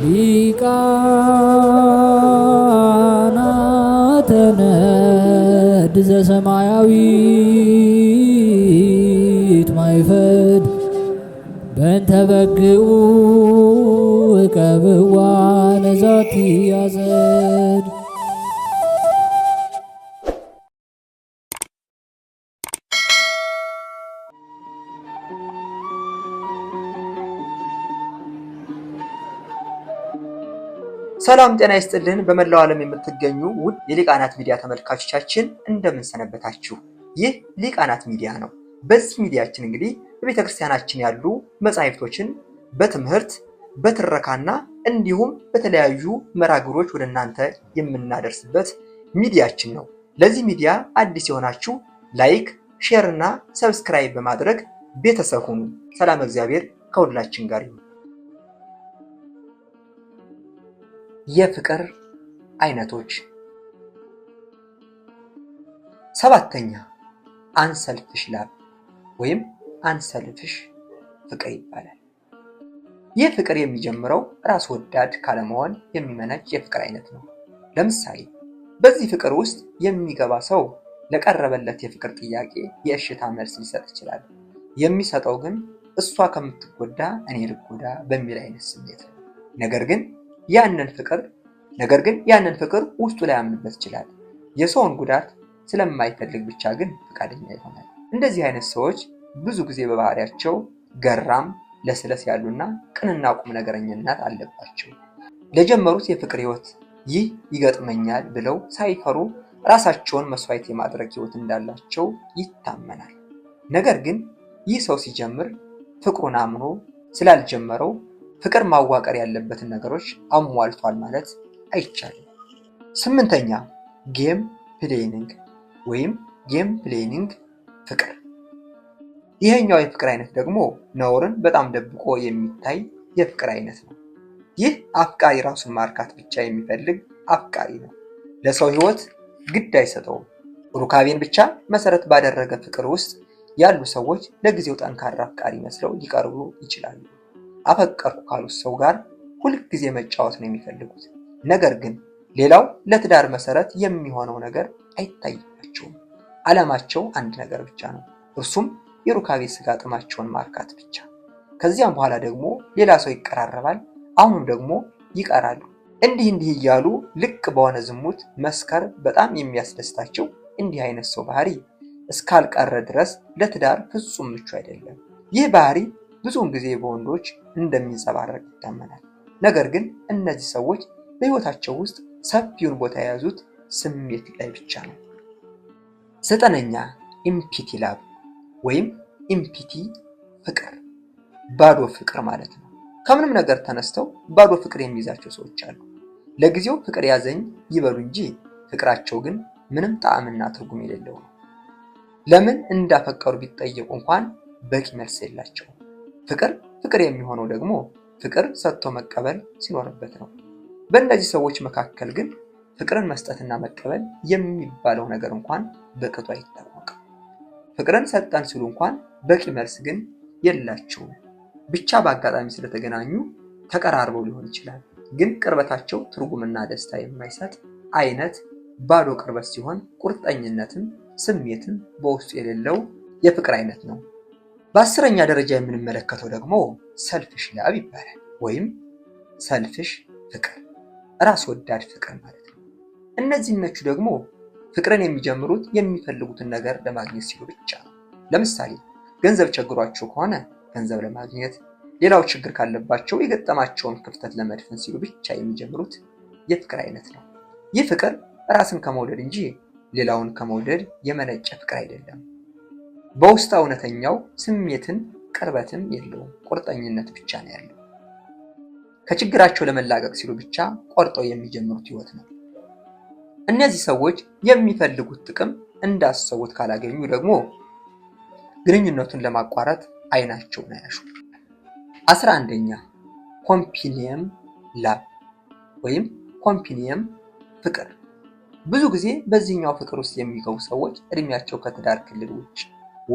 ሊቃናተ ነድ ዘሰማያዊት ማይፈድ በእንተ በግዑ እቀብዋ ነዛቲ ያዘድ ሰላም ጤና ይስጥልን። በመላው ዓለም የምትገኙ ውድ የሊቃናት ሚዲያ ተመልካቾቻችን እንደምንሰነበታችሁ። ይህ ሊቃናት ሚዲያ ነው። በዚህ ሚዲያችን እንግዲህ በቤተ ክርስቲያናችን ያሉ መጻሕፍቶችን በትምህርት በትረካና እንዲሁም በተለያዩ መራግሮች ወደ እናንተ የምናደርስበት ሚዲያችን ነው። ለዚህ ሚዲያ አዲስ የሆናችሁ ላይክ፣ ሼር እና ሰብስክራይብ በማድረግ ቤተሰብ ሁኑ። ሰላም እግዚአብሔር ከሁላችን ጋር ይሁን። የፍቅር አይነቶች ሰባተኛ አንሰልፍሽ ላብ ወይም አንሰልፍሽ ፍቅር ይባላል። ይህ ፍቅር የሚጀምረው ራስ ወዳድ ካለመሆን የሚመነጭ የፍቅር አይነት ነው። ለምሳሌ በዚህ ፍቅር ውስጥ የሚገባ ሰው ለቀረበለት የፍቅር ጥያቄ የእሽታ መልስ ሊሰጥ ይችላል። የሚሰጠው ግን እሷ ከምትጎዳ እኔ ልጎዳ በሚል አይነት ስሜት ነው። ነገር ግን ያንን ፍቅር ነገር ግን ያንን ፍቅር ውስጡ ላይ ያምንበት ይችላል። የሰውን ጉዳት ስለማይፈልግ ብቻ ግን ፈቃደኛ ይሆናል። እንደዚህ አይነት ሰዎች ብዙ ጊዜ በባህሪያቸው ገራም፣ ለስለስ ያሉና ቅንና ቁም ነገረኝነት አለባቸው። ለጀመሩት የፍቅር ህይወት ይህ ይገጥመኛል ብለው ሳይፈሩ ራሳቸውን መስዋዕት የማድረግ ህይወት እንዳላቸው ይታመናል። ነገር ግን ይህ ሰው ሲጀምር ፍቅሩን አምኖ ስላልጀመረው ፍቅር ማዋቀር ያለበትን ነገሮች አሟልቷል ማለት አይቻልም። ስምንተኛ ጌም ፕሌይንግ ወይም ጌም ፕሌይንግ ፍቅር። ይሄኛው የፍቅር አይነት ደግሞ ነውርን በጣም ደብቆ የሚታይ የፍቅር አይነት ነው። ይህ አፍቃሪ ራሱን ማርካት ብቻ የሚፈልግ አፍቃሪ ነው። ለሰው ህይወት ግድ አይሰጠውም። ሩካቤን ብቻ መሰረት ባደረገ ፍቅር ውስጥ ያሉ ሰዎች ለጊዜው ጠንካራ አፍቃሪ መስለው ሊቀርቡ ይችላሉ። አፈቀርኩ ካሉት ሰው ጋር ሁልጊዜ መጫወት ነው የሚፈልጉት። ነገር ግን ሌላው ለትዳር መሰረት የሚሆነው ነገር አይታይባቸውም። ዓላማቸው አንድ ነገር ብቻ ነው፣ እርሱም የሩካቤ ስጋ ጥማቸውን ማርካት ብቻ። ከዚያም በኋላ ደግሞ ሌላ ሰው ይቀራረባል፣ አሁንም ደግሞ ይቀራሉ። እንዲህ እንዲህ እያሉ ልቅ በሆነ ዝሙት መስከር በጣም የሚያስደስታቸው እንዲህ አይነት ሰው ባህሪ እስካልቀረ ድረስ ለትዳር ፍጹም ምቹ አይደለም። ይህ ባህሪ ብዙውን ጊዜ በወንዶች እንደሚንጸባረቅ ይታመናል። ነገር ግን እነዚህ ሰዎች በሕይወታቸው ውስጥ ሰፊውን ቦታ የያዙት ስሜት ላይ ብቻ ነው። ዘጠነኛ ኢምፒቲ ላብ ወይም ኢምፒቲ ፍቅር፣ ባዶ ፍቅር ማለት ነው። ከምንም ነገር ተነስተው ባዶ ፍቅር የሚይዛቸው ሰዎች አሉ። ለጊዜው ፍቅር ያዘኝ ይበሉ እንጂ ፍቅራቸው ግን ምንም ጣዕምና ትርጉም የሌለው ነው። ለምን እንዳፈቀሩ ቢጠየቁ እንኳን በቂ መልስ የላቸውም። ፍቅር ፍቅር የሚሆነው ደግሞ ፍቅር ሰጥቶ መቀበል ሲኖርበት ነው። በእነዚህ ሰዎች መካከል ግን ፍቅርን መስጠትና መቀበል የሚባለው ነገር እንኳን በቅጡ አይታወቅም። ፍቅርን ሰጠን ሲሉ እንኳን በቂ መልስ ግን የላቸውም። ብቻ በአጋጣሚ ስለተገናኙ ተቀራርበው ሊሆን ይችላል፣ ግን ቅርበታቸው ትርጉምና ደስታ የማይሰጥ አይነት ባዶ ቅርበት ሲሆን ቁርጠኝነትም ስሜትም በውስጡ የሌለው የፍቅር አይነት ነው። በአስረኛ ደረጃ የምንመለከተው ደግሞ ሰልፍሽ ላብ ይባላል ወይም ሰልፍሽ ፍቅር፣ ራስ ወዳድ ፍቅር ማለት ነው። ነቹ ደግሞ ፍቅርን የሚጀምሩት የሚፈልጉትን ነገር ለማግኘት ሲሉ ብቻ ነው። ለምሳሌ ገንዘብ ቸግሯቸው ከሆነ ገንዘብ ለማግኘት፣ ሌላው ችግር ካለባቸው የገጠማቸውን ክፍተት ለመድፈን ሲሉ ብቻ የሚጀምሩት የፍቅር አይነት ነው። ይህ ፍቅር ራስን ከመውደድ እንጂ ሌላውን ከመውደድ የመነጨ ፍቅር አይደለም። በውስጥ እውነተኛው ስሜትን ቅርበትም የለውም ቁርጠኝነት ብቻ ነው ያለው። ከችግራቸው ለመላቀቅ ሲሉ ብቻ ቆርጠው የሚጀምሩት ህይወት ነው። እነዚህ ሰዎች የሚፈልጉት ጥቅም እንዳሰቡት ካላገኙ ደግሞ ግንኙነቱን ለማቋረጥ አይናቸውን አያሹ። አስራ አንደኛ ኮምፒኒየም ላብ ወይም ኮምፒኒየም ፍቅር። ብዙ ጊዜ በዚህኛው ፍቅር ውስጥ የሚገቡ ሰዎች እድሜያቸው ከትዳር ክልል ውጭ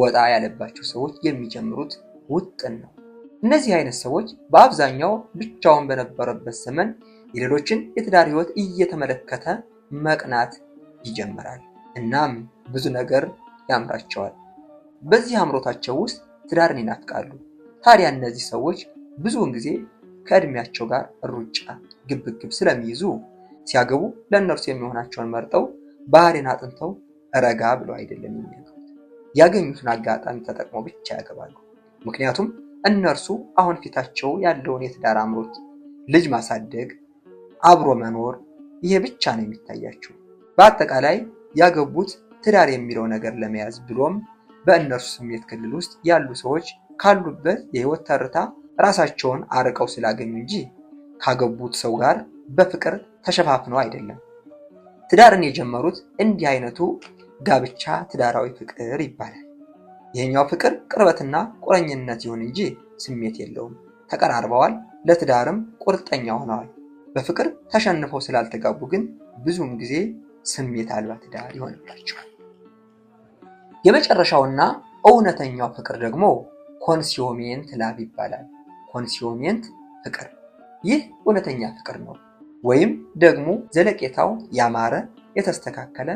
ወጣ ያለባቸው ሰዎች የሚጀምሩት ውጥን ነው። እነዚህ አይነት ሰዎች በአብዛኛው ብቻውን በነበረበት ዘመን የሌሎችን የትዳር ህይወት እየተመለከተ መቅናት ይጀምራል። እናም ብዙ ነገር ያምራቸዋል። በዚህ አምሮታቸው ውስጥ ትዳርን ይናፍቃሉ። ታዲያ እነዚህ ሰዎች ብዙውን ጊዜ ከእድሜያቸው ጋር ሩጫ ግብግብ ስለሚይዙ ሲያገቡ ለእነርሱ የሚሆናቸውን መርጠው ባህሪን አጥንተው ረጋ ብለው አይደለም ያገኙትን አጋጣሚ ተጠቅመው ብቻ ያገባሉ። ምክንያቱም እነርሱ አሁን ፊታቸው ያለውን የትዳር አምሮት፣ ልጅ ማሳደግ፣ አብሮ መኖር ይሄ ብቻ ነው የሚታያቸው። በአጠቃላይ ያገቡት ትዳር የሚለው ነገር ለመያዝ ብሎም በእነርሱ ስሜት ክልል ውስጥ ያሉ ሰዎች ካሉበት የህይወት ተርታ ራሳቸውን አርቀው ስላገኙ እንጂ ካገቡት ሰው ጋር በፍቅር ተሸፋፍነው አይደለም። ትዳርን የጀመሩት እንዲህ አይነቱ ጋብቻ ትዳራዊ ፍቅር ይባላል። ይህኛው ፍቅር ቅርበትና ቁርኝነት ይሁን እንጂ ስሜት የለውም። ተቀራርበዋል፣ ለትዳርም ቁርጠኛ ሆነዋል። በፍቅር ተሸንፈው ስላልተጋቡ ግን ብዙውን ጊዜ ስሜት አልባ ትዳር ይሆንባቸዋል። የመጨረሻውና እውነተኛው ፍቅር ደግሞ ኮንሲዮሜንት ላቭ ይባላል። ኮንሲዮሜንት ፍቅር ይህ እውነተኛ ፍቅር ነው። ወይም ደግሞ ዘለቄታው ያማረ የተስተካከለ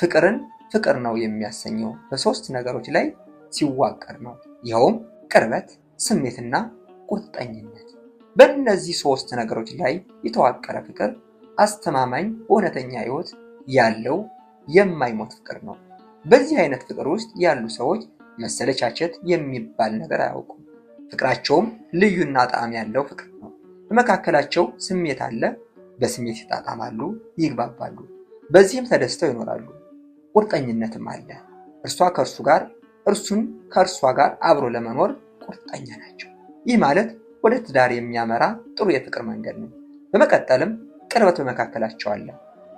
ፍቅርን ፍቅር ነው የሚያሰኘው በሶስት ነገሮች ላይ ሲዋቀር ነው። ይኸውም ቅርበት፣ ስሜትና ቁርጠኝነት። በእነዚህ ሶስት ነገሮች ላይ የተዋቀረ ፍቅር አስተማማኝ፣ እውነተኛ ህይወት ያለው የማይሞት ፍቅር ነው። በዚህ አይነት ፍቅር ውስጥ ያሉ ሰዎች መሰለቻቸት የሚባል ነገር አያውቁም። ፍቅራቸውም ልዩና ጣዕም ያለው ፍቅር ነው። በመካከላቸው ስሜት አለ። በስሜት ይጣጣማሉ፣ ይግባባሉ። በዚህም ተደስተው ይኖራሉ። ቁርጠኝነትም አለ። እርሷ ከእርሱ ጋር እርሱም ከእርሷ ጋር አብሮ ለመኖር ቁርጠኛ ናቸው። ይህ ማለት ወደ ትዳር የሚያመራ ጥሩ የፍቅር መንገድ ነው። በመቀጠልም ቅርበት በመካከላቸው አለ።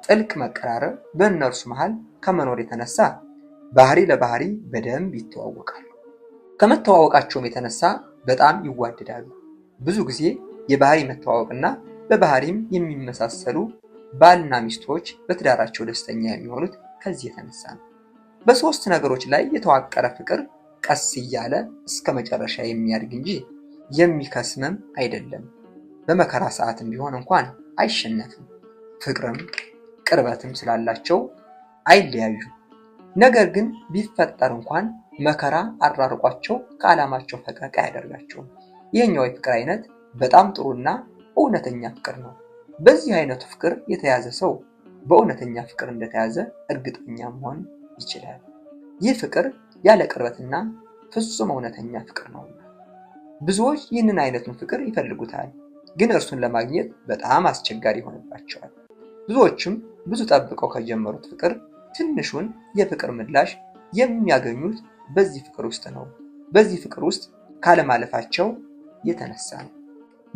ጥልቅ መቀራረብ በእነርሱ መሃል ከመኖር የተነሳ ባህሪ ለባህሪ በደንብ ይተዋወቃሉ። ከመተዋወቃቸውም የተነሳ በጣም ይዋደዳሉ። ብዙ ጊዜ የባህሪ መተዋወቅና በባህሪም የሚመሳሰሉ ባልና ሚስቶች በትዳራቸው ደስተኛ የሚሆኑት ከዚህ የተነሳ ነው። በሶስት ነገሮች ላይ የተዋቀረ ፍቅር ቀስ እያለ እስከ መጨረሻ የሚያድግ እንጂ የሚከስምም አይደለም። በመከራ ሰዓትም ቢሆን እንኳን አይሸነፍም። ፍቅርም ቅርበትም ስላላቸው አይለያዩ። ነገር ግን ቢፈጠር እንኳን መከራ አራርቋቸው ከዓላማቸው ፈቀቅ አያደርጋቸውም። ይህኛው የፍቅር አይነት በጣም ጥሩና እውነተኛ ፍቅር ነው። በዚህ አይነቱ ፍቅር የተያዘ ሰው በእውነተኛ ፍቅር እንደተያዘ እርግጠኛ መሆን ይችላል። ይህ ፍቅር ያለ ቅርበትና ፍጹም እውነተኛ ፍቅር ነው። ብዙዎች ይህንን አይነቱን ፍቅር ይፈልጉታል፣ ግን እርሱን ለማግኘት በጣም አስቸጋሪ ይሆንባቸዋል። ብዙዎችም ብዙ ጠብቀው ከጀመሩት ፍቅር ትንሹን የፍቅር ምላሽ የሚያገኙት በዚህ ፍቅር ውስጥ ነው። በዚህ ፍቅር ውስጥ ካለማለፋቸው የተነሳ ነው።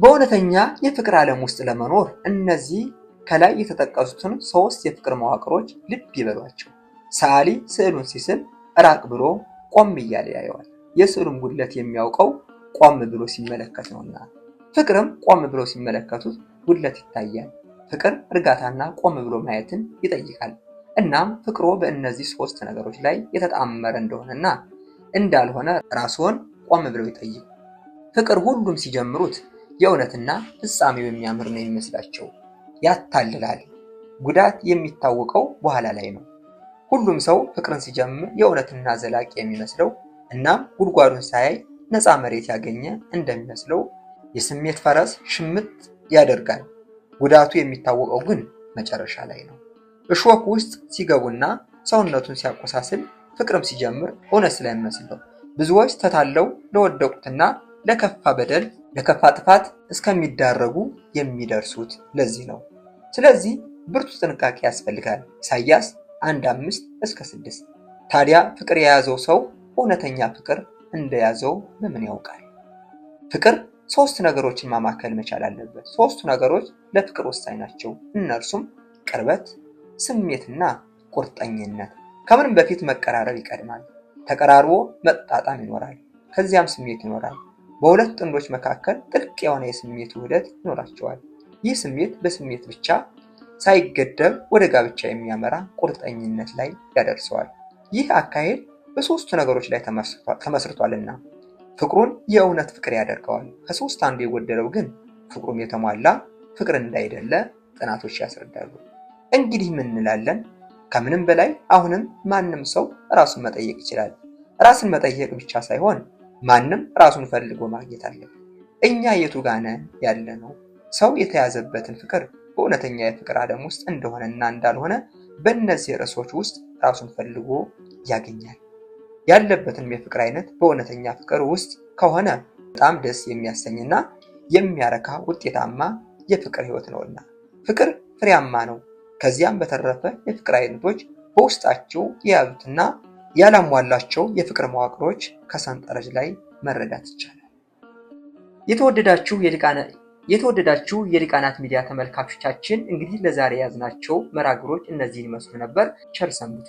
በእውነተኛ የፍቅር ዓለም ውስጥ ለመኖር እነዚህ ከላይ የተጠቀሱትን ሶስት የፍቅር መዋቅሮች ልብ ይበሏቸው። ሰዓሊ ስዕሉን ሲስል ራቅ ብሎ ቆም እያለ ያየዋል። የስዕሉን ጉድለት የሚያውቀው ቆም ብሎ ሲመለከት ነውና፣ ፍቅርም ቆም ብሎ ሲመለከቱት ጉድለት ይታያል። ፍቅር እርጋታና ቆም ብሎ ማየትን ይጠይቃል። እናም ፍቅሮ በእነዚህ ሶስት ነገሮች ላይ የተጣመረ እንደሆነና እንዳልሆነ ራስዎን ቆም ብለው ይጠይቁ። ፍቅር ሁሉም ሲጀምሩት የእውነትና ፍጻሜው የሚያምር ነው የሚመስላቸው። ያታልላል። ጉዳት የሚታወቀው በኋላ ላይ ነው። ሁሉም ሰው ፍቅርን ሲጀምር የእውነትና ዘላቂ የሚመስለው እናም ጉድጓዱን ሳያይ ነፃ መሬት ያገኘ እንደሚመስለው የስሜት ፈረስ ሽምጥ ያደርጋል። ጉዳቱ የሚታወቀው ግን መጨረሻ ላይ ነው። እሾክ ውስጥ ሲገቡና ሰውነቱን ሲያቆሳስል ፍቅርም ሲጀምር እውነት ስለሚመስለው ብዙዎች ተታለው ለወደቁትና ለከፋ በደል ለከፋ ጥፋት እስከሚዳረጉ የሚደርሱት ለዚህ ነው። ስለዚህ ብርቱ ጥንቃቄ ያስፈልጋል። ኢሳይያስ አንድ አምስት እስከ ስድስት ታዲያ ፍቅር የያዘው ሰው እውነተኛ ፍቅር እንደያዘው በምን ያውቃል? ፍቅር ሶስት ነገሮችን ማማከል መቻል አለበት። ሶስቱ ነገሮች ለፍቅር ወሳኝ ናቸው። እነርሱም ቅርበት፣ ስሜትና ቁርጠኝነት። ከምንም በፊት መቀራረብ ይቀድማል። ተቀራርቦ መጣጣም ይኖራል። ከዚያም ስሜት ይኖራል። በሁለት ጥንዶች መካከል ጥልቅ የሆነ የስሜት ውህደት ይኖራቸዋል። ይህ ስሜት በስሜት ብቻ ሳይገደብ ወደ ጋብቻ የሚያመራ ቁርጠኝነት ላይ ያደርሰዋል። ይህ አካሄድ በሶስቱ ነገሮች ላይ ተመስርቷልና ፍቅሩን የእውነት ፍቅር ያደርገዋል። ከሶስት አንዱ የጎደለው ግን ፍቅሩም የተሟላ ፍቅር እንዳይደለ ጥናቶች ያስረዳሉ። እንግዲህ ምን እንላለን? ከምንም በላይ አሁንም ማንም ሰው ራሱን መጠየቅ ይችላል። ራስን መጠየቅ ብቻ ሳይሆን ማንም ራሱን ፈልጎ ማግኘት አለበት። እኛ የቱ ጋነ ያለ ነው? ሰው የተያዘበትን ፍቅር በእውነተኛ የፍቅር ዓለም ውስጥ እንደሆነና እንዳልሆነ በእነዚህ ርዕሶች ውስጥ ራሱን ፈልጎ ያገኛል። ያለበትንም የፍቅር አይነት በእውነተኛ ፍቅር ውስጥ ከሆነ በጣም ደስ የሚያሰኝና የሚያረካ ውጤታማ የፍቅር ህይወት ነውና ፍቅር ፍሬያማ ነው። ከዚያም በተረፈ የፍቅር አይነቶች በውስጣቸው የያዙትና ያላሟላቸው የፍቅር መዋቅሮች ከሰንጠረዥ ላይ መረዳት ይቻላል። የተወደዳችሁ የልቃናት ሚዲያ ተመልካቾቻችን እንግዲህ ለዛሬ የያዝናቸው መራግሮች እነዚህን ይመስሉ ነበር። ቸር ሰንብቱ።